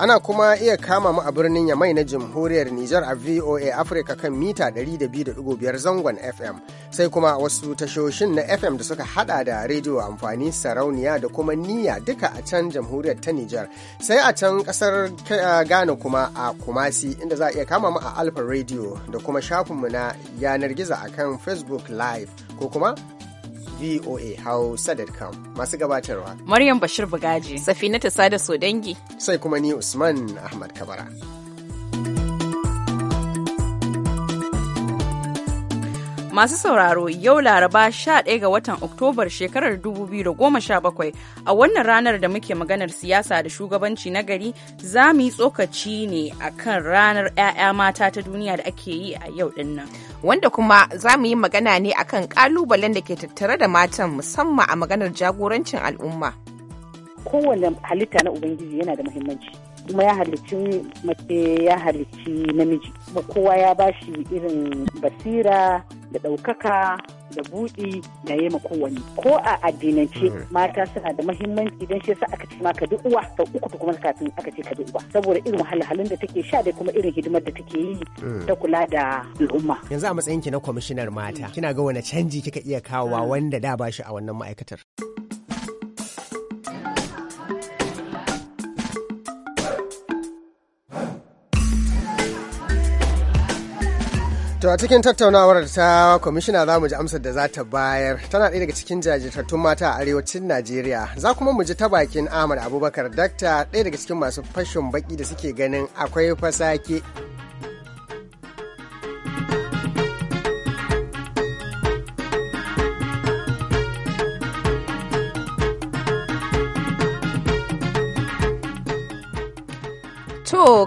Ana kuma iya kama mu a birnin Yamai na Jamhuriyar Nijar a VOA Africa kan mita 200.5 zangon FM, sai kuma wasu tashoshin na FM da suka hada da rediyo amfani sarauniya da kuma niyya duka a can Jamhuriyar ta Nijar. Sai a can kasar eh, Ghana kuma a Kumasi inda za a iya kama mu a Alfa Radio da kuma shafinmu na yanar gizo akan Facebook Live ko kuma voa hausa.com masu gabatarwa maryam bashir bugaji ta sada sodangi sai kuma ni usman ahmad kabara Masu sauraro yau Laraba 11 ga watan Oktobar shekarar 2017 a wannan ranar da muke maganar siyasa da shugabanci na gari za mu yi tsokaci ne akan ranar 'ya'ya mata ta duniya da ake yi a yau dinnan. Wanda kuma za mu yi magana ne akan kalubalen da ke tattare da matan musamman a maganar jagorancin al'umma. Kowane halitta na Ubangiji yana da muhimmanci. kuma ya halicci mace ya halicci namiji kowa ya ba shi irin basira da ɗaukaka da buɗi da yi kowanne ko a addinance mm. mata suna da mahimmanci don shi yasa aka ce maka duk uwa sau uku kuma kafin aka ce ka duk uwa saboda irin halin da take sha da kuma irin hidimar da take yi mm. ta kula da al'umma yanzu a matsayin ki na kwamishinar mata kina ga wani canji kika iya kawowa mm. wanda da bashi a wannan ma'aikatar a cikin tattaunawar ta kwamishina za mu ji amsar da za ta bayar tana ɗaya daga cikin jajirtattun mata a arewacin Najeriya za kuma mu ji ta bakin Ahmad Abubakar dakta ɗaya daga cikin masu fashin baki da suke ganin akwai fasake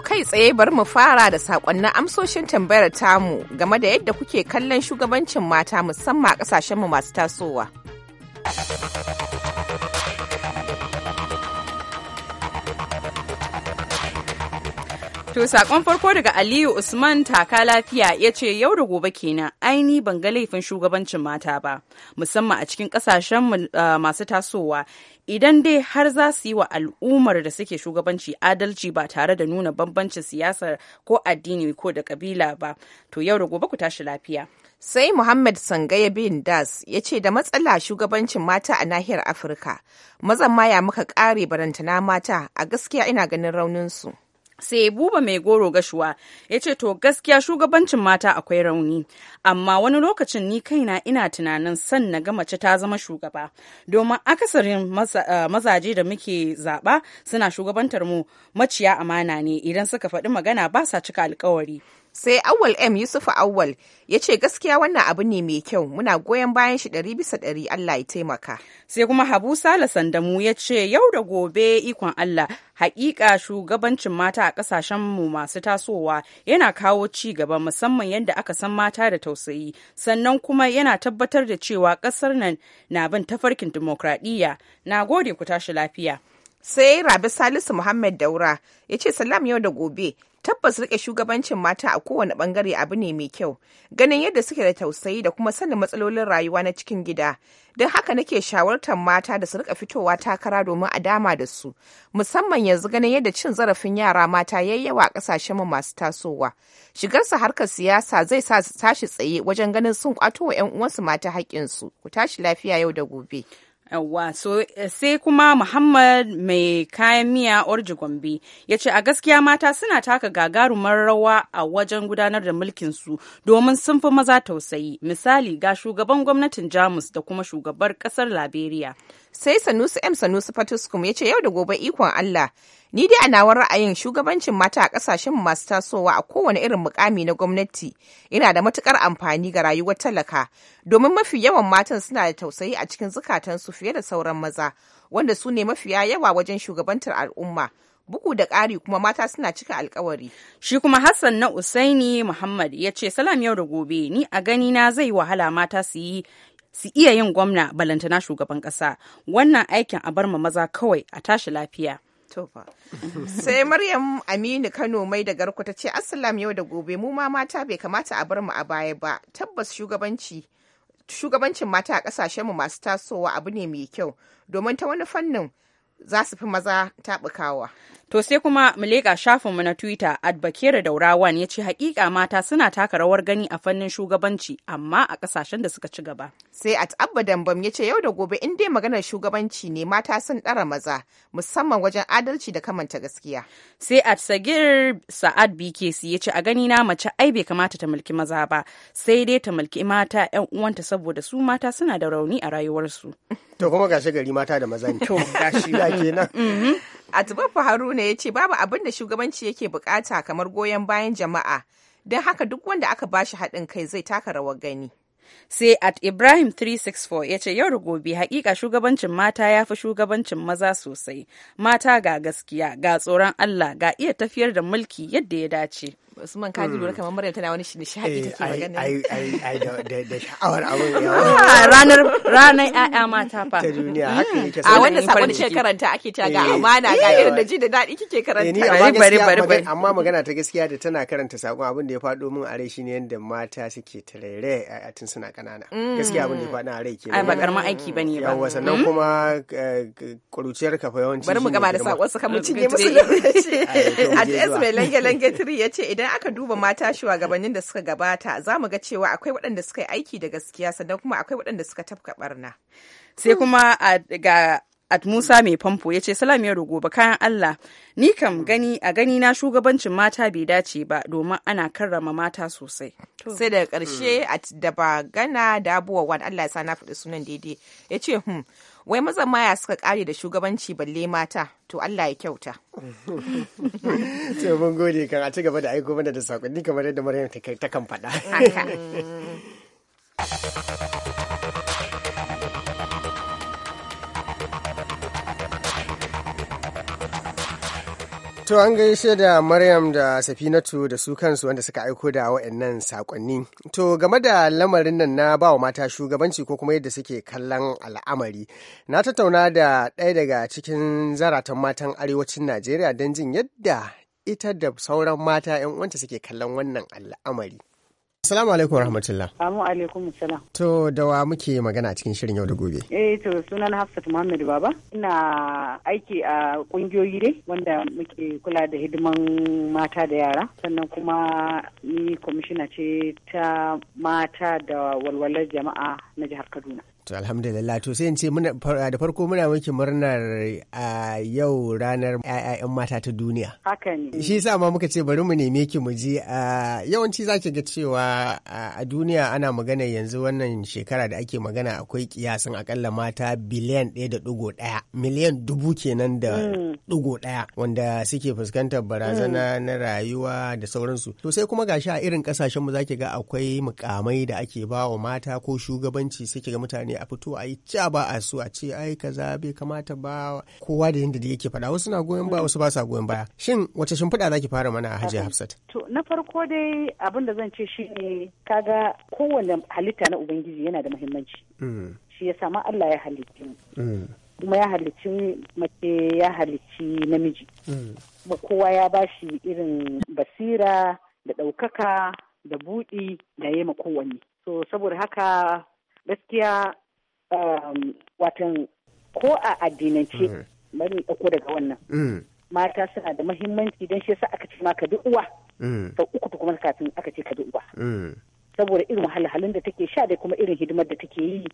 kai tsaye bari mu fara da sakonnin amsoshin tambayar tamu game da yadda kuke kallon shugabancin mata musamman a kasashenmu masu tasowa. To sakon farko daga Aliyu Usman taka lafiya ya ce yau da gobe kenan aini ban ga laifin shugabancin mata ba musamman a cikin kasashen eh, masu tasowa idan dai har za su yi wa al'ummar da suke shugabanci adalci ba tare da nuna bambancin siyasa ko addini ko da kabila ba to yau da gobe ku tashi lafiya. Sai Muhammad Sangaya bin Das ya ce da matsala shugabancin mata a nahiyar Afirka, mazan ya muka ƙare barantana mata a gaskiya ina ganin rauninsu. sai buba mai goro gashuwa ya ce to gaskiya shugabancin mata akwai rauni amma wani lokacin ni kaina ina tunanin san na ga mace ta zama shugaba domin akasarin eh, mazaje da muke zaba suna shugabantar mu maciya amana ne idan suka faɗi magana ba sa cika alkawari sai awwal m yusufu awwal ya ce gaskiya wannan abu ne mai kyau muna goyon bayan shi ɗari bisa ɗari allah ya taimaka sai kuma habu sala sandamu ya ce yau da gobe ikon allah hakika shugabancin mata a ƙasashen mu masu tasowa yana kawo ci gaba musamman yadda aka san mata da tausayi sannan kuma yana tabbatar da cewa ƙasar nan na bin tafarkin dimokuraɗiyya na gode ku tashi lafiya sai rabi salisu muhammad daura ya ce salam yau da gobe tabbas rike shugabancin mata a kowane bangare abu ne mai kyau ganin yadda suke da tausayi da kuma sanin matsalolin rayuwa na cikin gida don haka nake shawartar mata da su rika fitowa takara domin a dama da su musamman yanzu ganin yadda cin zarafin yara mata yayi yawa a ƙasashen mu masu tasowa shigar sa harkar siyasa zai sa su tashi tsaye wajen ganin sun kwato wa 'yan uwansu mata haƙƙinsu ku tashi lafiya yau da gobe yawwa so eh, sai kuma muhammad mai kayan miya orji gombe ya ce a gaskiya mata suna taka gagarumar rawa a wajen gudanar da mulkinsu domin sun fi maza tausayi misali ga shugaban gwamnatin jamus da kuma shugabar kasar liberia sai sanusi m sanusi fatuskum ya ce yau da gobe ikon allah Ni dai a nawa ra'ayin shugabancin mata a ƙasashen masu tasowa a kowane irin mukami na gwamnati ina da matukar amfani ga rayuwar talaka domin mafi yawan matan suna da tausayi a cikin zukatansu fiye da sauran maza wanda su ne mafiya yawa wajen shugabantar al'umma. bugu da ƙari kuma mata suna cika alkawari. Shi kuma Hassan na Usaini Muhammad ya ce salam yau da gobe ni a gani na zai wahala mata su yi su iya yin gwamna balantana shugaban ƙasa wannan aikin a bar ma maza kawai a tashi lafiya. tofa sai maryam aminu kano mai da garko ta ce assalam yau da gobe mu ma mata bai kamata a bar mu a baya ba tabbas shugabanci shugabancin mata a kasashenmu masu tasowa abu ne mai kyau domin ta wani fannin za su fi maza taɓukawa. To sai kuma mu leƙa shafinmu na Twitter Adbakere Daurawan ya ce hakika mata suna taka rawar gani a fannin shugabanci amma a ƙasashen da suka ci gaba. Sai at Abba Dambam ya ce yau da gobe in dai maganar shugabanci ne mata sun ɗara maza musamman wajen adalci da kamanta gaskiya. Sai at Sagir Sa'ad BKC ya ce a gani na mace ai bai kamata ta mulki maza ba sai dai ta mulki mata 'yan uwanta saboda su mata suna da rauni a rayuwarsu. To kuma gashi gari mata da maza ne. To gashi kenan. Mm-hmm. Atibafu Haruna ya ce babu abin da shugabanci yake bukata kamar goyon bayan jama'a, don haka duk wanda aka ba shi haɗin kai zai taka rawar gani. sai at ibrahim 364 ya ce yau da gobe hakika shugabancin mata ya fi shugabancin maza sosai mata ga gaskiya ga tsoron allah ga iya tafiyar da mulki yadda ya dace Usman man kaji lura mm. kamar Maryam tana wani nishadi eh, take magana. Ai ai ai da sha'awar abu yawa. Ah, ranar ranar ya'ya mata fa. Ta duniya haka mm. yake sai. A wanda sabon ce karanta ake ta ga eh, amana ga eh, irin da ji da daɗi kike karanta. Bari bari bari amma magana ta gaskiya da tana karanta sakon abin da ya faɗo min a rai shine yadda mata suke tarere a tun suna ƙanana. Mm. Gaskiya abin da ya faɗo a rai kenan. Ai ba karamin aiki ba ne ba. Yawwa sannan kuma kuruciyar ka fa yawanci. Bari mu gaba da sakon su kamar cinye musu lokaci. Adres mai lange lange 3 ya ce idan idan aka duba mata shugabannin da suka gabata za mu ga cewa akwai waɗanda suka yi aiki da gaskiya sannan kuma akwai waɗanda suka tafka barna sai hmm. kuma ga Sa'ad Musa mai famfo ya ce salam ya rugo ba kayan Allah ni kam gani a gani na shugabancin mata bai dace ba domin ana karrama mata sosai. Sai daga karshe hmm. a da ba gana da abuwa wa Allah ya sa na faɗi sunan daidai ya ce hmm wai mazan maya suka kare da shugabanci balle mata to Allah ya kyauta. gode kan a ci gaba da aiko mana da saƙonni kamar yadda Maryam ta kan faɗa. To an gaishe da Maryam da Safinatu da su kansu wanda suka aiko da waɗannan sakonni. To game da lamarin nan na bawa mata shugabanci ko kuma yadda suke kallon al'amari. Na tattauna da ɗaya daga cikin zaratan matan arewacin Najeriya don jin yadda ita da sauran mata 'yan uwanta suke kallon wannan al'amari. Assalamu alaikum rahmatullah. Amu alaikum salam. To da muke magana a cikin shirin yau da gobe? Eh to sunan Hafsat Muhammad Baba. Ina aiki a kungiyoyi dai wanda muke kula da hidiman mata da yara. Sannan kuma ni kwamishina ce ta mata da walwalar jama'a na jihar Kaduna. To alhamdulillah to sai in ce da farko muna miki murnar a yau ranar 'ya'yan mata ta duniya. Haka ne. Shi sa ma muka ce bari mu neme ki mu ji a yawanci zaki ga cewa a duniya ana magana yanzu wannan shekara da ake magana akwai kiyasin akalla mata biliyan ɗaya da ɗigo ɗaya miliyan dubu kenan da mm. ɗigo ɗaya wanda suke fuskantar barazana mm. na rayuwa da sauransu. To sai kuma gashi a irin ƙasashen mu zaki ga akwai mukamai da ake ba wa mata ko shugabanci suke ga mutane ne a fito a yi ca ba a so a ce ai kaza bai kamata ba kowa da yadda da yake faɗa wasu na goyon baya wasu ba sa goyon baya shin wace shimfiɗa zaki fara mana a hajiya hafsat to na farko dai abin da zan ce shi ne kaga kowane halitta na ubangiji yana da muhimmanci mm. shi ya sama Allah ya halicci mm. kuma ya halicci mace ya halicci namiji mm. kowa ya bashi irin basira da ɗaukaka da buɗi da ma kowanne so saboda haka gaskiya Um, watan ko a addinance eh. bari ɗauko daga wannan eh. mata suna da mahimmanci don shi yasa aka ce maka ka uwa eh. sau uku ta kuma kafin aka ce ka bi uwa saboda irin wahalhalun da take sha da kuma irin hidimar da take yi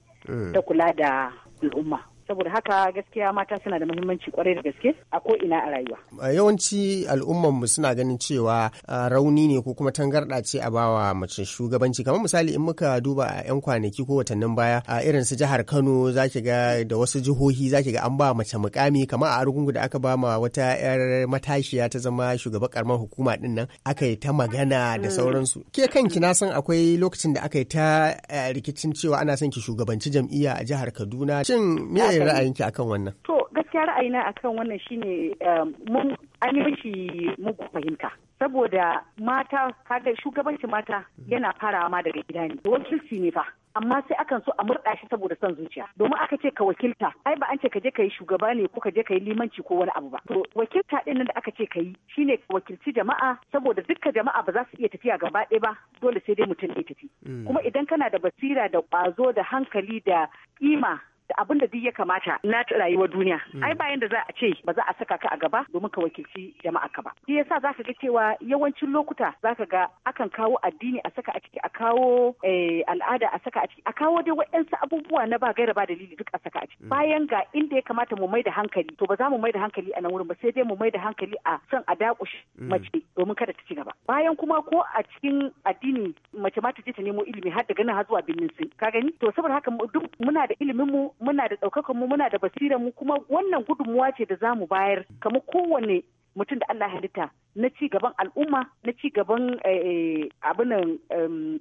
ta kula da al'umma saboda haka gaskiya mata suna da muhimmanci kwarai da gaske a ko ina a rayuwa yawanci al'umman mu suna ganin cewa rauni ne ko kuma tangarɗa ce a bawa mace shugabanci kamar misali in muka duba a yan kwanaki ko watannin baya a irin su jihar Kano zaki ga da wasu jihohi zaki ga an ba mace mukami kamar a Argungu da aka ba ma wata yar matashiya ta zama shugaban karamar hukuma din nan aka yi ta magana da mm. sauransu ke kanki na san akwai lokacin da aka yi ta eh, rikicin cewa ana son ki shugabanci jam'iyya a jihar Kaduna shin me ra'ayin ra'ayinki akan wannan? To gaskiya ra'ayina akan wannan shine eh, mun an yi mishi mugu fahimta. Saboda mata kaga shugabanci mata yana farawa ma daga gida ne. Wakilci ne fa. amma sai akan so a murɗa shi saboda son zuciya domin aka ce ka wakilta ai ba an ce ka je ka yi shugaba ne ko ka je ka yi limanci ko wani abu ba to wakilta ɗin nan da aka ce ka yi shine ka wakilci jama'a saboda dukkan jama'a ba za su iya tafiya gaba ɗaya ba dole sai dai mutum ɗaya tafi mm. kuma idan kana da basira da ƙwazo da hankali da ƙima da abin da duk ya kamata na rayuwar duniya mm. ai bayan da za a ce ba za a saka ka a gaba domin ka wakilci jama'a ka ba shi yasa zaka ga cewa yawancin lokuta zaka ga akan kawo addini a saka a ciki a kawo eh, al'ada a saka a ciki a kawo dai waɗansu abubuwa na ba gaira ba dalili duk a saka a ciki mm. bayan ga inda ya kamata mu mai da hankali to ba za mu mai da hankali a nan wurin ba sai dai mu mai da hankali a son a dakushi mm. mace domin kada ta ci gaba bayan kuma ko a cikin addini mace ma ta je ta nemo ilimi har daga nan har zuwa birnin sun. ka gani to saboda haka duk muna da ilimin mu muna da ɗaukakar mu muna da basiran mu kuma wannan gudunmuwa ce da za mu bayar kamar kowane mutum da Allah halitta na ci gaban al'umma na ci gaban eh, abinan mm.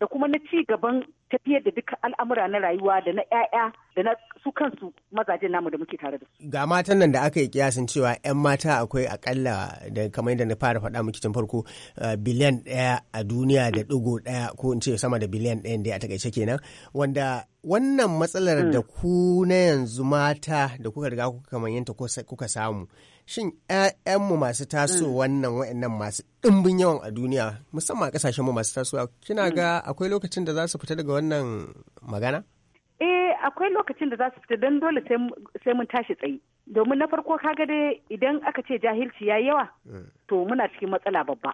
da kuma na ci gaban tafiyar da duka al'amura na rayuwa da na 'ya'ya da na su kansu mazajen namu da muke tare da su. Ga matan nan da aka yi kiyasin cewa 'yan mata akwai akalla da kamar yadda na fara faɗa miki tun farko eh, biliyan ɗaya a duniya da ɗigo ɗaya ko in ce sama da biliyan ɗayan da a takaice kenan wanda wannan matsalar mm. da ku na yanzu mata da kuka riga kuka kamar yanta kuka samu. shin 'ya'yanmu masu tasowa mm. wannan wa'annan masu ɗimbin yawan a duniya musamman a ƙasashen masu tasowa kina mm. ga akwai lokacin da za su fita daga wannan magana? Eh akwai lokacin da za su fita don dole sai mun tashi tsayi. Domin na farko ka dai idan aka ce jahilci ya yawa mm. to muna cikin matsala babba.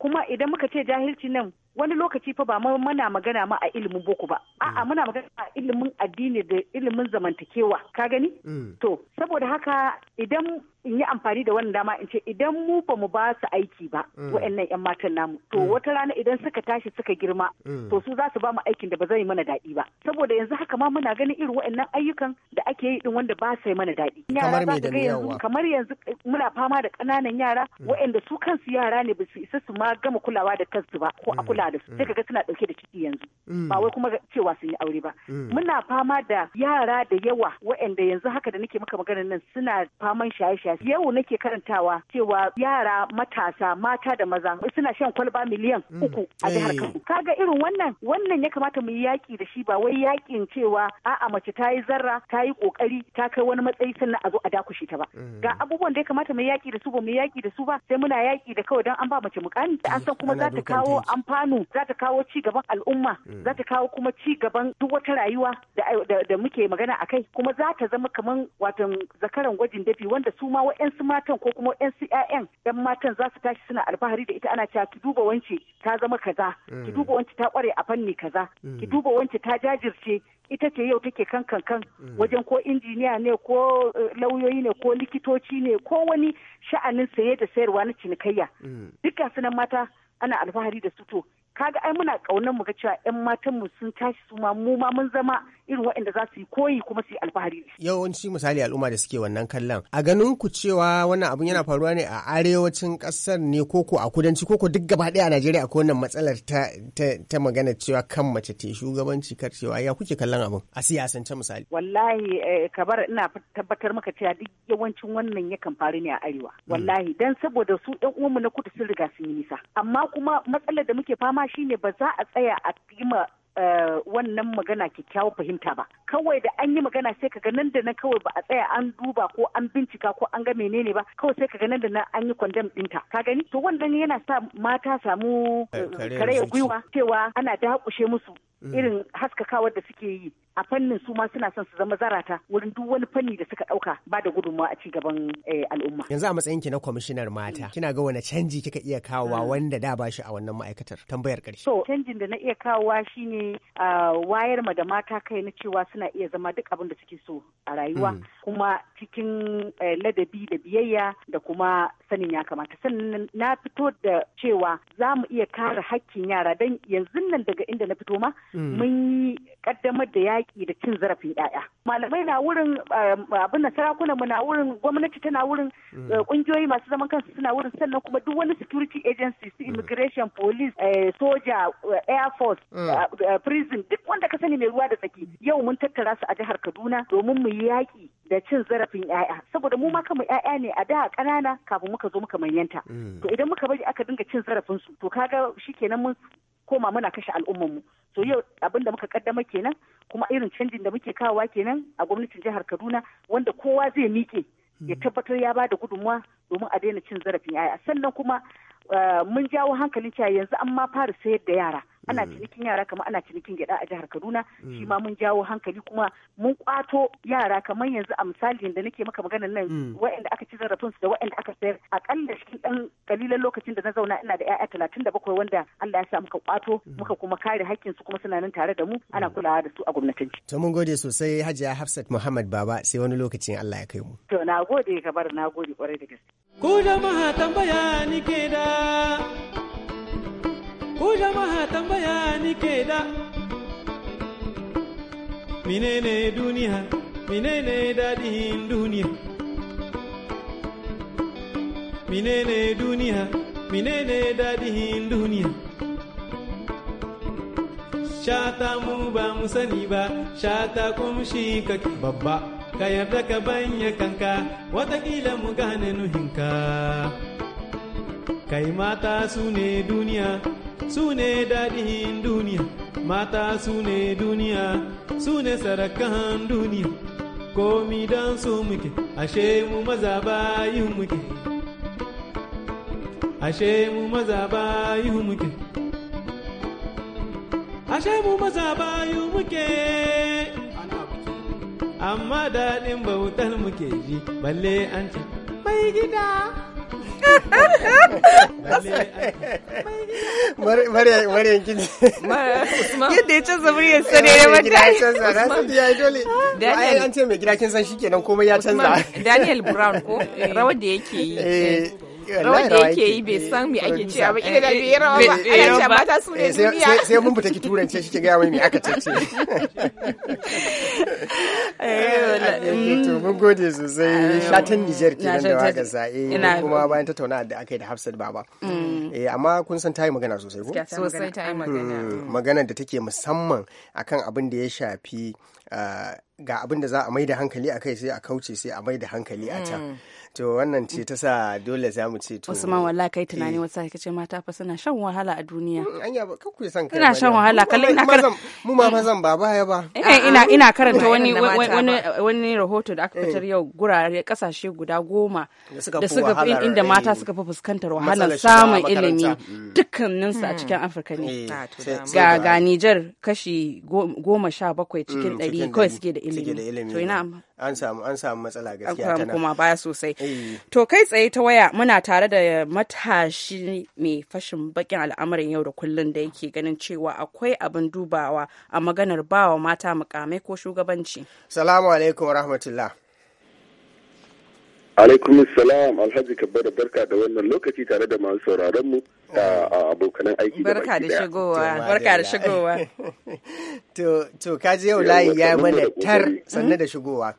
Kuma idan muka ce jahilci nan wani lokaci fa ba muna magana ma a ilimin boko ba a'a mm. muna magana a ilimin addini da ilimin zamantakewa ka gani mm. to saboda haka idan in yi amfani da wannan dama in ce idan mu ba mu ba su aiki ba mm. wa'annan yan matan namu to wata rana idan suka tashi suka girma to su za su ba mu aikin da ba zai mana daɗi ba saboda yanzu haka ma muna ganin irin wa'annan ayyukan da ake yi din wanda ba su mana daɗi kamar me da yanzu kamar yanzu eh, muna fama da kananan yara wa'anda su kansu yara ne ba su isa su ma gama kulawa da kansu ba ko a kula suna da sai kaga suna dauke da ciki yanzu mm. ba wai kuma cewa sun yi aure ba mm. muna fama da yara da yawa waɗanda yanzu haka da nake maka maganar nan suna faman shaye-shaye yau nake karantawa cewa yara matasa mata da maza suna shan kwalba miliyan mm. uku a jihar Kano kaga irin wannan wannan ya kamata mu yi yaki da shi ba wai yakin cewa a'a mace ta yi zarra ta yi kokari ta kai wani matsayi sannan a zo a dakushe ta ba ga abubuwan da ya kamata mu yi yaki da su ba mu yi yaki da su ba sai muna yaki da kawai dan an ba mace mukami an san kuma za ta kawo amfani mu za ta kawo ci gaban al'umma mm. za ta kawo kuma ci gaban duk wata rayuwa da muke magana a kai kuma za ta zama kamar watan zakaran gwajin dafi wanda su ma wa'yansu matan ko kuma wa'yansu 'ya'yan yan matan za su tashi suna alfahari da ita ana cewa ki duba wance ta zama kaza mm. ki duba wance ta kware a fanni kaza mm. ki duba wance ta jajirce ita ce yau take kan kan kan wajen ko injiniya ne ko eh, lauyoyi ne ko likitoci ne ko wani sha'anin saye da sayarwa na cinikayya duka sunan mata ana alfahari da su to kaga ai muna kaunar mu ga cewa yan matan mu sun tashi su ma mu ma mun zama irin waɗanda za su yi koyi kuma su yi alfahari yawanci misali al'umma da suke wannan kallon a ganin ku cewa wannan abun yana faruwa ne a arewacin ƙasar ne koko a kudanci koko duk gaba ɗaya a Najeriya akwai wannan matsalar ta ta, magana cewa kan mace ta shugabanci kar cewa ya kuke kallon abun a siyasance misali wallahi eh, kabar ina tabbatar maka cewa duk yawancin wannan yakan faru ne a arewa hmm. wallahi dan saboda su ɗan uwanmu na kudu sun riga sun yi nisa amma kuma matsalar da muke fama shine ba za a tsaya a ma eh, wannan magana kyakkyawar fahimta ba kawai da an yi magana sai ka nan da nan kawai ba a tsaya an duba ko an bincika ko an ga menene ba kawai sai ka nan da nan an yi kwandam dinta ka gani to wannan yana sa mata samu eh, karayar gwiwa cewa ana dakushe musu irin haskakawar da suke yi a fannin su ma suna son su zama zarata wurin duk wani fanni da suka dauka ba da gudunmawa a ci gaban eh, al'umma yanzu a matsayin ki na kwamishinar mata mm. kina ga wani canji kika iya kawowa mm. wanda da ba shi a wannan ma'aikatar tambayar karshe so canjin da na iya kawowa shine ah, wayar ma da mata kai na cewa suna iya zama duk abin da suke so a rayuwa mm. kuma cikin eh, ladabi da biyayya da kuma sanin ya kamata sannan na fito da cewa za mu iya kare hakkin yara dan yanzu nan daga inda na fito ma Mm. mun yi kaddamar da yaƙi da cin zarafin ƴaƴa. Malamai na wurin eh, abin na mu na wurin gwamnati tana wurin mm. eh, ƙungiyoyi masu zaman kansu suna wurin sannan kuma duk wani security agency su mm. immigration police eh, soja air force prison duk wanda ka sani mai ruwa da tsaki yau mun tattara su a jihar Kaduna domin mu yi yaƙi da cin zarafin ƴaƴa saboda mu ma yaya ƴaƴa ne a da ƙanana kafin muka zo muka manyanta to idan muka bari aka dinga cin zarafin su to kaga shikenan mun koma muna kashe al'ummarmu so yau abin da muka kaddama kenan kuma irin canjin da muke kawowa kenan a gwamnatin jihar kaduna wanda kowa zai miƙe ya hmm. tabbatar ya ba da gudunmuwa domin a daina cin zarafin yaya sannan kuma eh, mun jawo hankalin cewa yanzu an ma fara sayar da yara ana mm. cinikin yara kamar ana cinikin gyada a jihar Kaduna mm. shi ma mun jawo hankali kuma mun kwato yara kamar yanzu a misalin da nake maka maganar nan mm. wa'anda aka ci zarafin su da wa'anda aka sayar A kalla shi dan kalilan lokacin da na zauna ina da ƴaƴa talatin da bakwai wanda Allah ya sa muka kwato muka kuma kare hakkin su kuma suna nan tare da mu ana kulawa da su a gwamnatanci. To mun gode sosai Hajiya Hafsat Muhammad Baba sai wani lokacin Allah ya kai mu. To na gode ka bar na gode kwarai da gaske. ko jama'a tambaya nike da Ku maha tambaya ni da. Menene duniya, menene daɗin duniya? Menene duniya, menene duniya? Shata mu ba sani ba, shata kumshi kake babba, ka yarda ka banya kanka, watakila mu gane nuhinka. Kai mata su ne duniya. su ne daɗin duniya mata su ne duniya su ne sarakan duniya komi don su muke ashe mu maza bayin muke ashe mu maza bayin muke ashe mu maza bayin muke amma daɗin bautar muke ji balle an ce mai gida Maryam kiji. Yadda ya canza muryar sa ne ya mata. Ya canza, na san ya dole. Ah. Daniel. An ce mai gida kin san shikenan komai ya canza. Daniel Brown ko eh. rawar da yake yi. Eh. rawar yake yi bai san me ake cewa ba kila da eh, bai rawa eh, ba ana cewa eh, mata su ne duniya sai mun fita ki turance shi ki gaya mai me aka tace mm. to mun gode sosai ah, shatan nijar Niger nan da waka sa kuma bayan tattauna da aka yi da Hafsat baba mm. amma kun san tayi magana sosai ko sosai tayi magana hmm. mm. magana da take musamman akan abin da ya shafi ah, ga abin da za a mai da hankali a kai sai a kauce sai a mai da hankali a can to wannan ce ta sa dole za mu ce to ma wallahi kai tunani eh. wasu ka ce mata fa suna shan wahala a duniya mm, anya ba kanku san kai ina shan wahala kallon ina karanta mu ma fa zan ba baya ba ina ina karanta wani wani wani rahoto da aka fitar eh. yau gurare kasashe guda goma da suka inda eh. mata suka fi fuskantar wahalar samun ilimi mm. su a mm. cikin Afirka ne ah, ga ga Niger kashi goma sha bakwai cikin ɗari kawai suke da ilimi to ina an samu an samu matsala gaskiya tana kuma baya sosai To kai tsaye ta waya muna tare da matashi mai fashin bakin al'amarin yau da kullun da yake ganin cewa akwai abin dubawa a maganar bawa mata mukamai ko shugabanci. Salamu alaikum rahmatullah. alaikum salam alhaji kabba da barka da wannan lokaci tare da masu sauraron mu da abokanan aiki barka da shigowa barka mm-hmm. da shigowa to to kaji yau layi ya mana tar sanne da shigowa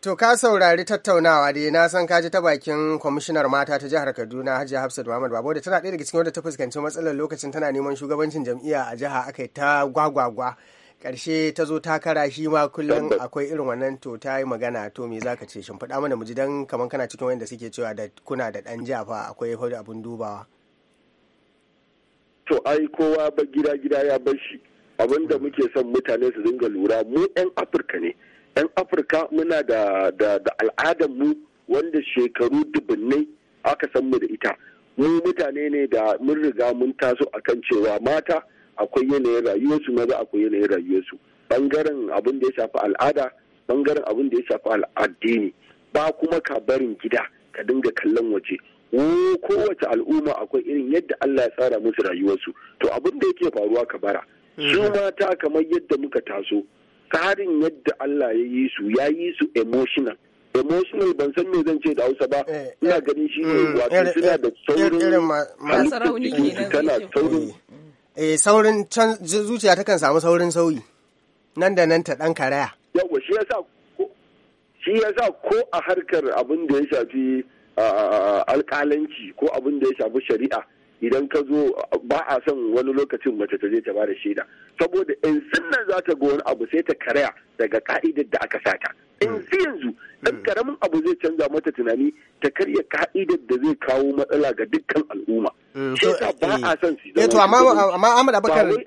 To ka saurari tattaunawa dai na san kaji ta bakin kwamishinar mata ta jihar Kaduna hajji Hafsat Muhammad Babo da tana ɗaya daga cikin wadda ta fuskanci matsalar lokacin tana neman shugabancin jam'iyya a jiha aka ta gwagwagwa. Karshe ta zo ta kara shi ma kullum akwai irin wannan to ta yi magana to me zaka ce faɗa mana mu ji dan kamar kana cikin wanda suke cewa da kuna da ɗan jafa akwai abun dubawa. To ai kowa ba gida gida ya bar shi abinda muke son mutane su dinga lura mu 'yan Afirka ne. 'yan afirka muna da al'adar mu wanda shekaru dubunnai aka san mu da ita mu mutane ne da mun riga mun taso akan cewa mata akwai yanayin rayuwarsu maza akwai yanayin rayuwarsu bangaren abin da ya shafi al'ada bangaren abin da ya shafi addini, ba kuma ka barin gida ka dinga kallon waje kowace al'umma akwai irin yadda Allah ya tsara musu rayuwarsu to abin da yake faruwa ka bara su mm-hmm. mata kamar yadda muka taso tsarin yadda Allah ya yi su ya yi su emotional emotional ban san me zan ce da Hausa ba eh, ina ganin shi ne mm, wato suna da eh, saurin tana eh, saurin eh saurin zuciya takan samu saurin sauyi nan da nan ta dan karaya yawa shi yasa shi yasa ko a harkar abin da ya shafi alƙalanci ko abin da ya shafi shari'a idan ka zo ba a son wani lokacin mace ta je ta ba da shaida saboda in sannan za ta ga wani abu sai ta karaya daga ka'idar da aka sata in mm. yanzu dan karamin mm. abu zai canza mata tunani ta karya ka'idar da zai kawo matsala ga dukkan al'umma mm, shi yasa ba eh, a son su zama eh, to amma amma Ahmad Abubakar eh,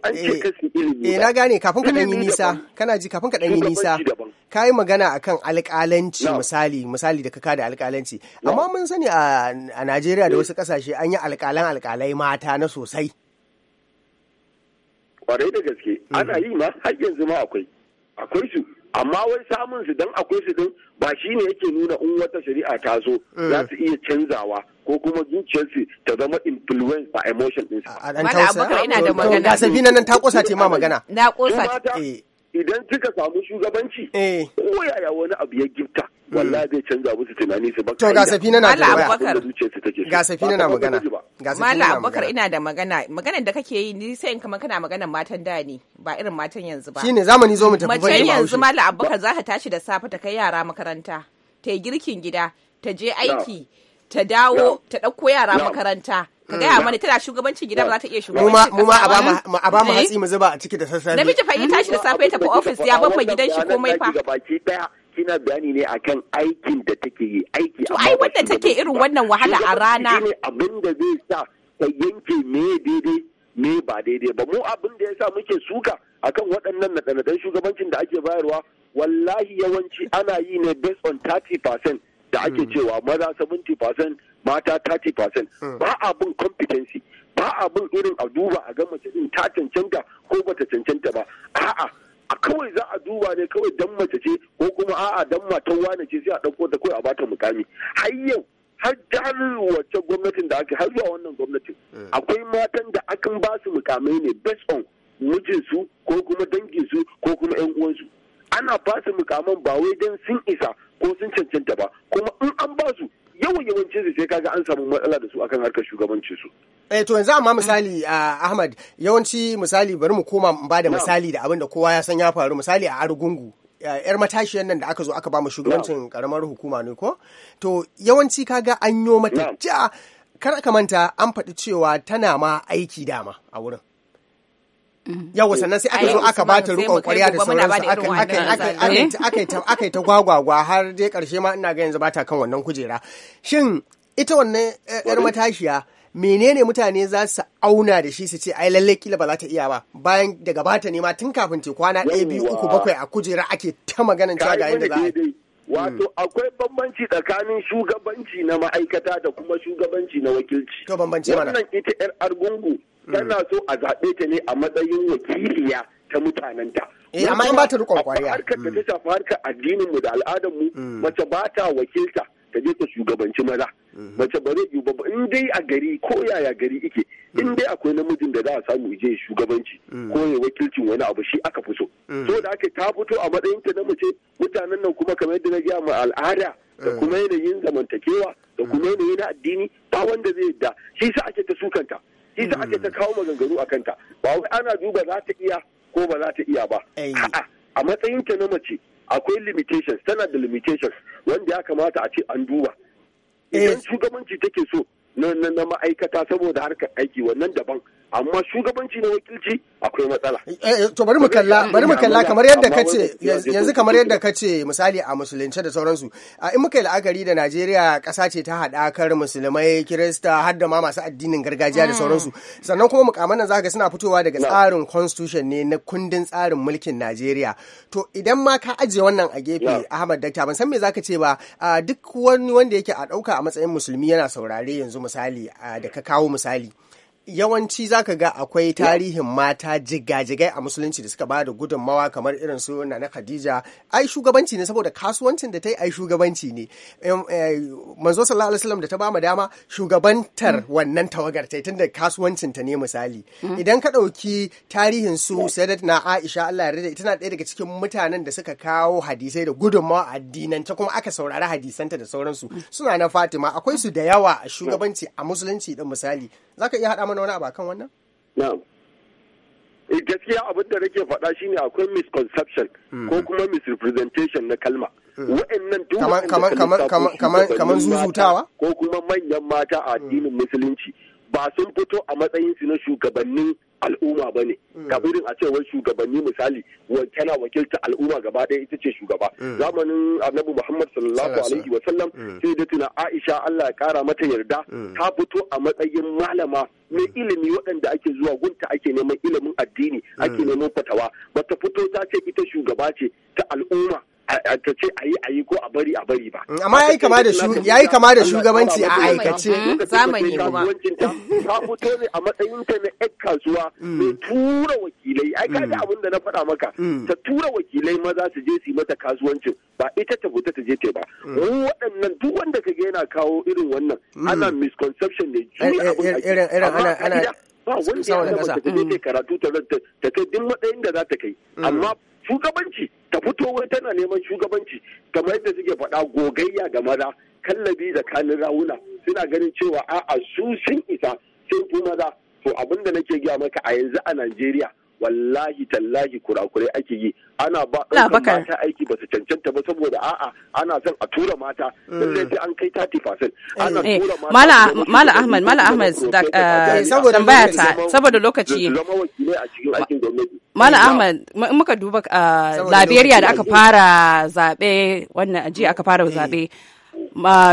eh na gane kafin ka danyi yi nisa kana ji kafin ka danyi yi nisa ka yi magana akan alƙalanci misali misali da ka kada alƙalanci amma mun sani a Najeriya da wasu ƙasashe an yi alƙalan alƙalai mata na sosai kwarai da gaske ana yi ma har yanzu ma akwai akwai su amma wai samun su dan akwai su din ba shi ne yake nuna in wata shari'a ta zo eh. za su iya canzawa ko kuma zuciyarsu ta zama influence by emotion din sa a dan ina da magana ga safina nan ta kosa ce ma magana na kosa eh. idan kika samu shugabanci eh. ko yaya wani abu ya gifta wallahi zai canza musu tunani su baka to ga safi na magana ga safi na magana ga safina abubakar ina da magana maganar da kake yi ni sai in kama kana maganar matan da ne ba irin matan yanzu ba shine zamani zo mu tafi mace yanzu mallam abubakar za ta tashi da safe ta kai yara makaranta ta yi girkin gida ta je aiki ta dawo ta ɗauko yara makaranta ka gaya mm. mana tana shugabancin gida ba za ta iya shugabancin mu ma a ba mu eh? hatsi mu zuba a ciki da sassafe namiji fa ya tashi da safe ta tafi ofis ya bamma gidan shi komai fa kina bayani ne akan aikin da take yi aiki a ai wanda take irin wannan wahala a rana abin da zai sa ta yanke me daidai me ba daidai ba mu abin da yasa muke suka akan waɗannan naɗanaɗan shugabancin da ake bayarwa wallahi yawanci ana yi ne based on 30% da ake hmm. cewa maza 70% mata 30% hmm. ba abin competency ba abin irin a duba a ga mace din ta cancanta ko bata cancanta ba a'a kawai za duba ne kawai dan mace ce ko kuma a'a dan matan wane ce sai a dauko ta kawai a bata mukami har yau har jihar wacce gwamnatin da ake har zuwa wannan gwamnatin eh. akwai matan da akan ba su mukamai ne based on mijinsu ko kuma danginsu ko kuma yan uwansu ana ba su mukaman ba wai dan sun isa ko sun cancanta ba kuma in an ba su yawan yawancin su sai kaga an samu matsala da su akan harkar shugabancin su eh to yanzu amma mm. misali Ahmad yawanci misali bari mu koma ba da misali da abin da kowa ya san ya faru misali a Argungu yar matashiyar nan da aka zo aka ba mu shugabancin karamar hukuma ne ko to yawanci kaga an yo mata ja kar ka manta an faɗi cewa tana ma aiki dama a wurin mm. yawa sannan sai aka zo aka ba ta rukon kwarya da sauransu aka yi ta gwagwagwa har dai karshe ma ina ga yanzu ba ta kan wannan kujera shin ita wannan eh, yar matashiya menene mutane za su auna da shi su ce ai lalle kila ba za ta iya ba bayan da gabata ne ma tun kafin te kwana ɗaya biyu uku bakwai a kujera ake ta maganan cewa ga yadda za a yi hmm. Wato akwai bambanci tsakanin shugabanci na ma'aikata da kuma shugabanci na wakilci. To bambanci mana. Wannan ita 'yar argungu hmm. tana so a zaɓe ta ne a matsayin wakiliya ta mutanenta. Eh amma in ba ta riƙon kwariya. Harkar da ta hmm. shafi harkar addinin mu da al'adar mu mace ba ta wakilta. ta je ta shugabanci maza mhm. mace ba zai yiwu ba in dai a gari ko yaya gari ike mhm. in dai akwai namijin da za a samu je shugabanci mhm. ko ya wakilcin wani abu shi aka fi so so da aka ta fito a matsayin ta na mace mutanen nan kuma kamar yadda na gaya ma al'ada da kuma yanayin zamantakewa da kuma yanayin na addini ba wanda zai yadda shi sa ake ta sukanta shi sa ake ta kawo maganganu a kanta ba wai ana duba za ta iya ko ba za ta iya ba a'a a matsayinta na mace akwai limitations tana da limitations wanda ya kamata a ce an duba eh. idan shugabanci take so na ma'aikata saboda harkar aiki wannan daban amma shugabanci na wakilci akwai matsala. Eh, eh, to bari mu kalla bari mu kalla kamar yadda kace yanzu kamar yadda kace misali a musulunce da sauransu a in muka yi la'akari da Najeriya ƙasa ce ta haɗakar musulmai kirista har da ma masu addinin gargajiya da mm. sauransu sannan kuma mukamman nan zaka suna fitowa daga tsarin constitution ne na kundin tsarin mulkin Najeriya to idan ma ka ajiye wannan a gefe Ahmad Dakta ban san me zaka ce ba duk wani wanda yake a ɗauka a matsayin musulmi yana saurare yanzu misali da ka kawo misali. yawanci zaka ga akwai tarihin mata jigajigai a musulunci da suka ba da gudunmawa kamar irin su na Khadija ai shugabanci ne saboda kasuwancin da ta yi ai shugabanci ne eh, manzo sallallahu alaihi wasallam da ta ba mu dama shugabantar mm. wannan tawagar ta tunda kasuwancin ta ne misali mm. idan ka dauki tarihin su na Aisha Allah ya ita tana daya daga cikin mutanen da suka kawo hadisai da gudunmawa Ta kuma aka saurari hadisanta da sauransu mm. suna na Fatima akwai su da yawa a shugabanci a musulunci din misali zaka iya haɗa mana wani abu kan wannan na'am eh, gaskiya abin da nake faɗa shine akwai misconception hmm. ko kuma misrepresentation na kalma hmm. wa'annan duk kamar kamar kamar kamar zuzutawa ko kuma manyan mata a addinin hmm. musulunci ba sun fito a matsayin su na shugabannin al'umma ba ne mm. ka a cewar shugabanni misali tana wakilta al'umma gaba ɗaya ita ce shugaba mm. zamanin annabi muhammad sallallahu alaihi wa sallam mm. sai da tuna aisha allah ya kara mata yarda ta fito a matsayin malama mai ilimi waɗanda ake zuwa gunta ake neman ilimin addini ake neman fatawa bata fito ta ce ita shugaba ce ta al'umma ka ce a yi a yi ko a bari a bari ba. Amma ya yi kama da shugabanci a aikace. Zamani kuma. Ta fito ne a matsayin ta na ƴan kasuwa mm. mai tura wakilai. Ai kaga mm. abin da na faɗa maka. Mm. Ta tura wakilai maza su je su yi mata kasuwancin ba ita ta fita ta je ta ba. Mu waɗannan duk wanda ka ga yana kawo irin wannan ana misconception ne. Eh, eh, eh, irin irin ana ana. ba wanda ya zama ta je karatu ta kai duk matsayin da za ta kai. Amma shugabanci ta fito wai tana neman shugabanci kamar yadda suke faɗa gogayya ga maza kallabi da kanin rawuna suna ganin cewa a'a su sun isa sun fi maza to abin da nake gaya maka a yanzu a Najeriya wallahi tallahi kurakurai ake yi ana ba mata aiki ba su cancanta ba saboda a'a ana son a tura mata mm. lallai sai an kai 30% ana eh, tura mata mala ah-, ahmad mala ahmad eh, eh, saboda tambaya ta saboda lokaci mala ahmad muka duba ah, liberia da aka fara zabe wannan aji aka fara mm. zabe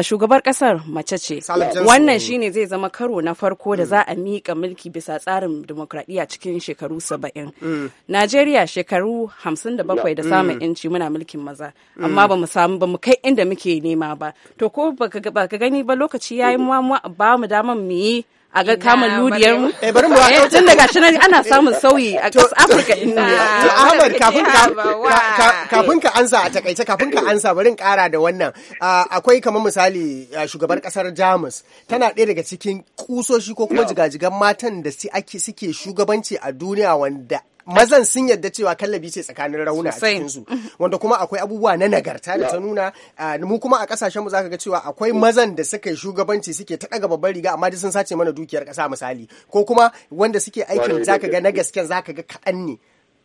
shugabar kasar mace ce wannan shine zai zama karo na farko da za a miƙa mulki bisa tsarin demokradiyya cikin shekaru saba'in mm. najeriya shekaru hamsin da bakwai da samun yanci mm. muna mulkin maza mm. amma ba mu samu ba mu kai inda muke nema ba to ko ba ka gani ba lokaci yayi mu ba mu dama mu yi a ga kama ludiyar mu eh bari mu wato eh, tun daga shi ana samun sauyi a ƙasar Afirka nan to Ahmad kafin ka kafin ka ansa a takaice kafin ka ansa bari in ƙara da wannan ah, akwai kamar misali ah, shugabar ƙasar Jamus tana ɗaya daga cikin kusoshi ko kuma jigajigan matan da ake suke shugabanci a duniya wanda mazan sun yadda cewa kallabi ce tsakanin rauna a cikin su wanda kuma akwai abubuwa na nagarta da ta nuna ah, mu kuma a kasashen mu zaka ga cewa akwai mazan da suka yi shugabanci suke ta daga babban riga amma sun sace mana dukiyar kasa misali ko kuma wanda suke aikin zaka ga na gasken zaka ga kadan ne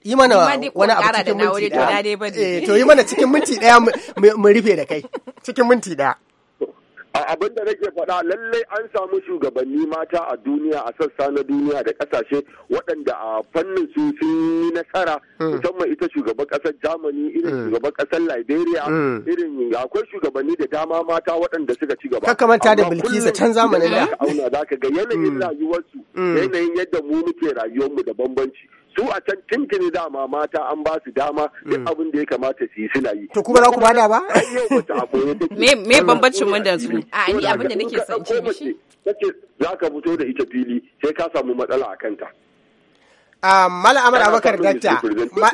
yi mana wani abu cikin minti daya eh, to yi mana cikin minti daya mu rufe da kai cikin minti daya. abin da nake faɗa lallai an samu shugabanni mata a duniya a sassa na duniya da ƙasashe waɗanda a fannin su sun yi nasara mm. musamman ita shugaban ƙasar germany irin mm. shugaban ƙasar liberia mm. irin akwai shugabanni da dama mata waɗanda suka ci gaba kaka da bilkisa can zamanin da auna za ka ga yanayin rayuwarsu yanayin yadda mu muke rayuwarmu da bambanci su a can tuntuni dama mata an ba su dama duk mm. abin da ya kamata su yi suna yi. To kuma za ku bada ba? Me bambancin wanda su? A ni abin da nake son ci mishi. za ka fito da ita fili sai ka samu matsala a kanta. Ah, Mala Ahmad Abakar Dakta,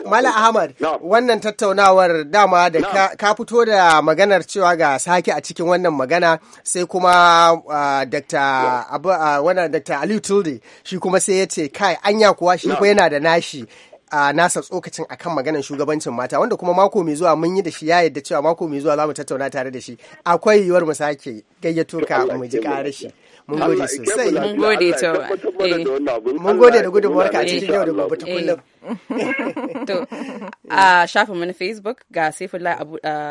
Mala Ahmad, wannan tattaunawar dama da ka fito da maganar cewa ga sake a cikin wannan magana sai kuma ah, Dr. Ah, Aliyu Tulde shi kuma sai ya ce kai anya kuwa shi kuma yana da nashi a nasa tsokacin akan maganar shugabancin mata wanda kuma mako mai zuwa mun yi da shi ya yadda cewa mako mai zuwa za mu tattauna tare da shi akwai yiwuwar mu sake gayyato ka mu ji ƙarar shi. Mun gode sosai. Mun gode eh. Mun gode da gudunmuwar ka a cikin yau da gobe ta kullum. Eh. To, a shafin mu na Facebook ga Saifullah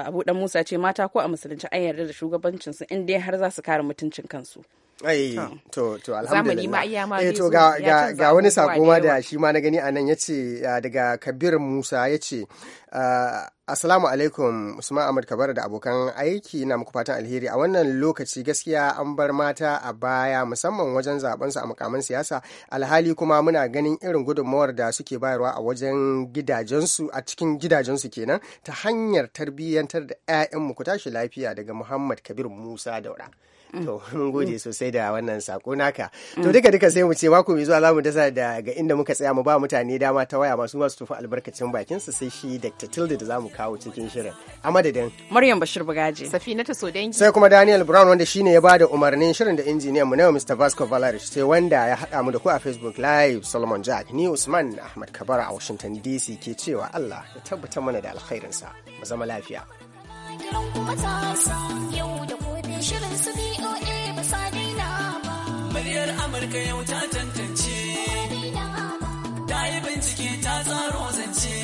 Abu Dan Musa ce mata ko a musulunci an yarda da shugabancin su in dai har za su kare mutuncin kansu. ai to to alhamdulillah eh to ga ga, wani sako ma da shi ma na gani anan yace daga Kabir Musa yace ce ah, Assalamu alaikum Usman Ahmad Kabara da abokan aiki na muku fatan alheri a wannan lokaci gaskiya an bar mata a baya musamman wajen zaben a mukamin siyasa alhali kuma muna ganin irin gudunmawar da suke bayarwa a wajen gidajensu a cikin gidajensu kenan ta hanyar tarbiyyantar da 'ya'yan ku tashi lafiya daga Muhammad Kabir Musa Daura. Mm. to mun gode mm. sosai da wannan sako naka to mm. duka duka sai mu ce wa ku mai zuwa zamu dasa da ga inda muka tsaya mu ba mutane dama ta waya masu masu tufa albarkacin bakin su sai shi Dr. Tilde da zamu kawo cikin shirin a madadin Maryam Bashir Bugaje Safina ta sai kuma Daniel Brown wanda shine ya bada umarnin shirin da injiniyan mu na Mr. Vasco Valarish sai wanda ya hada mu da ku a Facebook Live Solomon Jack ni Usman Ahmad Kabara a Washington DC ke cewa Allah ya tabbatar mana da alkhairinsa mu zama lafiya. shirin su BOA ba sa daina ba. Muryar Amurka yau ta tantance. Ta yi bincike ta tsaro zance.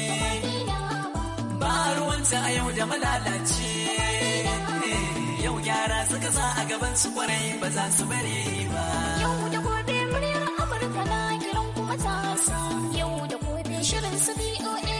Ba ruwanta a yau da malalace. Yau gyara suka sa a gaban su kwarai ba za su bare ba. Yau da gobe muryar Amurka na kiran kuma ta Yau da gobe shirin su BOA